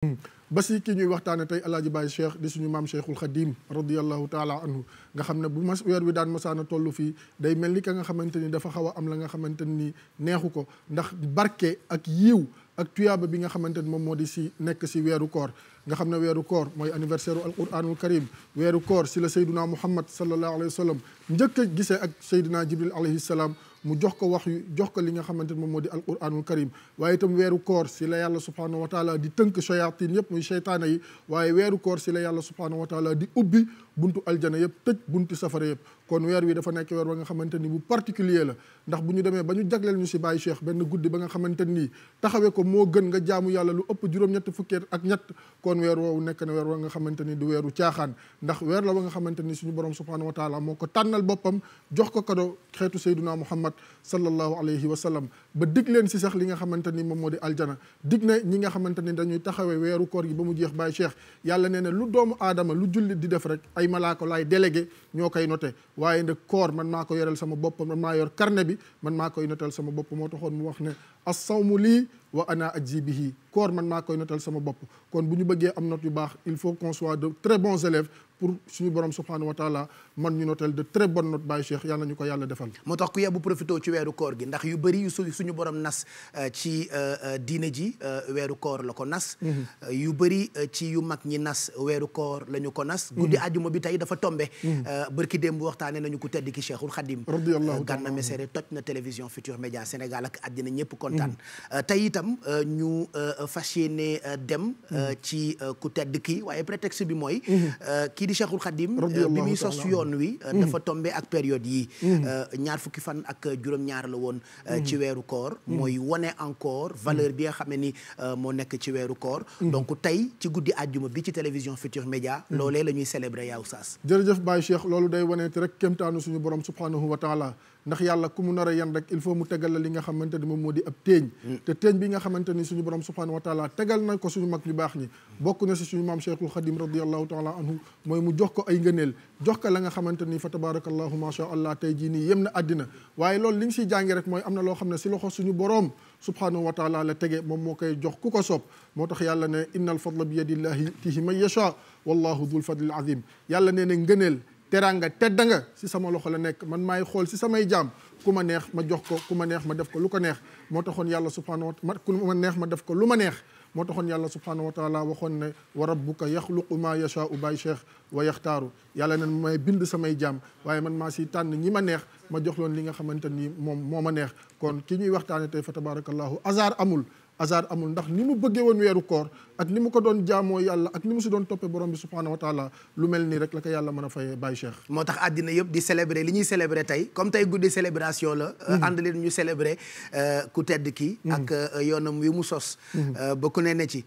Mm. ba si ñuy waxtaane tey alaaji baay cheikh di suñu maam cheikhul xadim radiallahu taala anhu nga xam ne bu mas weer wi daan masaana toll fii day mel ni ka nga xamante ni dafa xaw a am la nga xamante ni neexu ko ndax barke ak yiw ak tuyaaba bi nga xamante ni moom moo di si nekk si weeru koor nga xam ne weeru koor mooy anniversaire u alquranul karim weeru koor si la sayduna muhammad sallallahu alayhi wa sallam njëkk a gisee ak sayduna jibril alayhi salaam mu jox ko wax yu jox ko li nga xamante ne moom moo di alquranul karim waaye itam weeru koor si la yàlla subhanahu wa taala di tënk shayatin yëpp muy cheytaana yi waaye weeru koor si la yàlla subhanahu wa taala di ubbi buntu aljana yëpp tëj buntu safara yëpp kon weer wi dafa nekk weer wa nga xamante ni bu particulier la ndax bu ñu demee ba ñu jagleel ñu si Baye Cheikh benn guddi ba nga xamante nii taxawe ko moo gën nga jaamu yàlla lu ëpp juróom-ñett fukki ak ñett kon weer woowu nekk na weer wa nga xamante ni du weeru caaxaan ndax weer la wa nga xamante ni suñu borom subhanahu wa taala moo ko tànnal boppam jox ko kado muhammad sallallahu alayhi wa sallam ba dig leen si sax li nga xamante ni moom moo di aljana dig na ñi nga xamante ni dañuy taxawee weeru koor gi ba mu jeex baay cheikh yàlla nee na lu doomu aadama lu jullit di def rek ay malaako laay délégué ñoo koy noté waaye nag koor man maa ko yoreel sama bopp man maa yor karne bi man maa koy notel sama bopp moo taxoon mu wax ne as sawmu lii wa ana ajzi bihi koor man maa koy notal sama bopp kon bu ñu bëggee am note yu baax il faut qu'on de très bons élèves pour suñu borom subhanahu wa man ñu notal de très bonnes notes Baye Cheikh yàlla ñu ko yàlla defal moo tax ku yebbu profité ci weeru koor gi ndax yu bëri suñu borom nas euh, ci euh, euh, diine ji weeru koor la ko nas mhm. yu bëri ci yu mag ñi nas weeru koor la ñu ko nas mhm. guddi àjjuma bi tey dafa tombe mhm. bërki démb waxtaane nañu ko tedd ki Cheikhul Khadim radiyallahu Euh, fas yéene euh, dem. Euh, mm-hmm. ci ku tedd ki waaye prétexte bi mooy. Mm-hmm. kii di Cheikhul Khadim. bi muy sos yoon wi. Mm-hmm. dafa tombé ak période yi ñaar fukki fan ak juróom-ñaar la woon. ci weeru koor. mooy wane encore valeur bi nga xam ni moo nekk ci weeru koor. donc tey ci guddi àjjuma bi ci télévision Futur Média. loolee la ñuy célébrer yaw saas. jërëjëf Baye Cheikh loolu day waneeti rek kéemtaanu suñu borom subhanahu wa ndax yàlla ku mu nar a yan rek il faut mu tegal la li nga xamante ni moom moo subhanahu wa tegal na ko suñu mag ñu baax ñi bokk na si suñu maam cheikhul xadim radiallahu taala anhu mooy mu jox ko ay ngëneel jox ko la nga xamante ni fa tabarakallahu ma sha allah tey jii nii yem na àddina waaye loolu li ñu siy jànge rek mooy am na loo xam ne si loxo suñu boroom subhanahu wa taala la tege moom moo koy jox ku ko soob moo tax yàlla ne inna al fadla bi yadillahi yutihi man yasha wallahu dul fadlil azim yàlla nee ne ngëneel teranga nga si sama loxo la nekk man maay xool si samay jaam ku ma neex ma jox ko ku ma neex ma def ko lu ko neex moo taxoon yàlla subhanahu wa taala ku ma neex ma ko lu ma neex moo taxoon yàlla subhanahu wa taala waxoon ne wa rabbuka yaxluqu maa yashaau baay cheikh wa yaxtaaru yàlla nen may bind samay jaam waaye man maa si tànn ñi ma neex ma jox loon li nga xamante ni moom moo ma neex kon ki ñuy waxtaane tey fa tabarakallahu hasard amul hasard amul ndax ni mu bëggee woon weeru koor ak ni mu ko doon jaamoo yàlla ak ni mu si doon toppee borom bi subhaanahu wa taala lu mel nii rek la ko yàlla mën a fayee Baye Cheikh moo tax àddina yëpp di célébrer li ñuy célébrer tey comme tey guddi célébration la euh, mm-hmm. ànd leen ñu célébrer euh, ku tedd ki mm-hmm. ak euh, yoonam yu mu sos mm-hmm. ba ku ne ne ci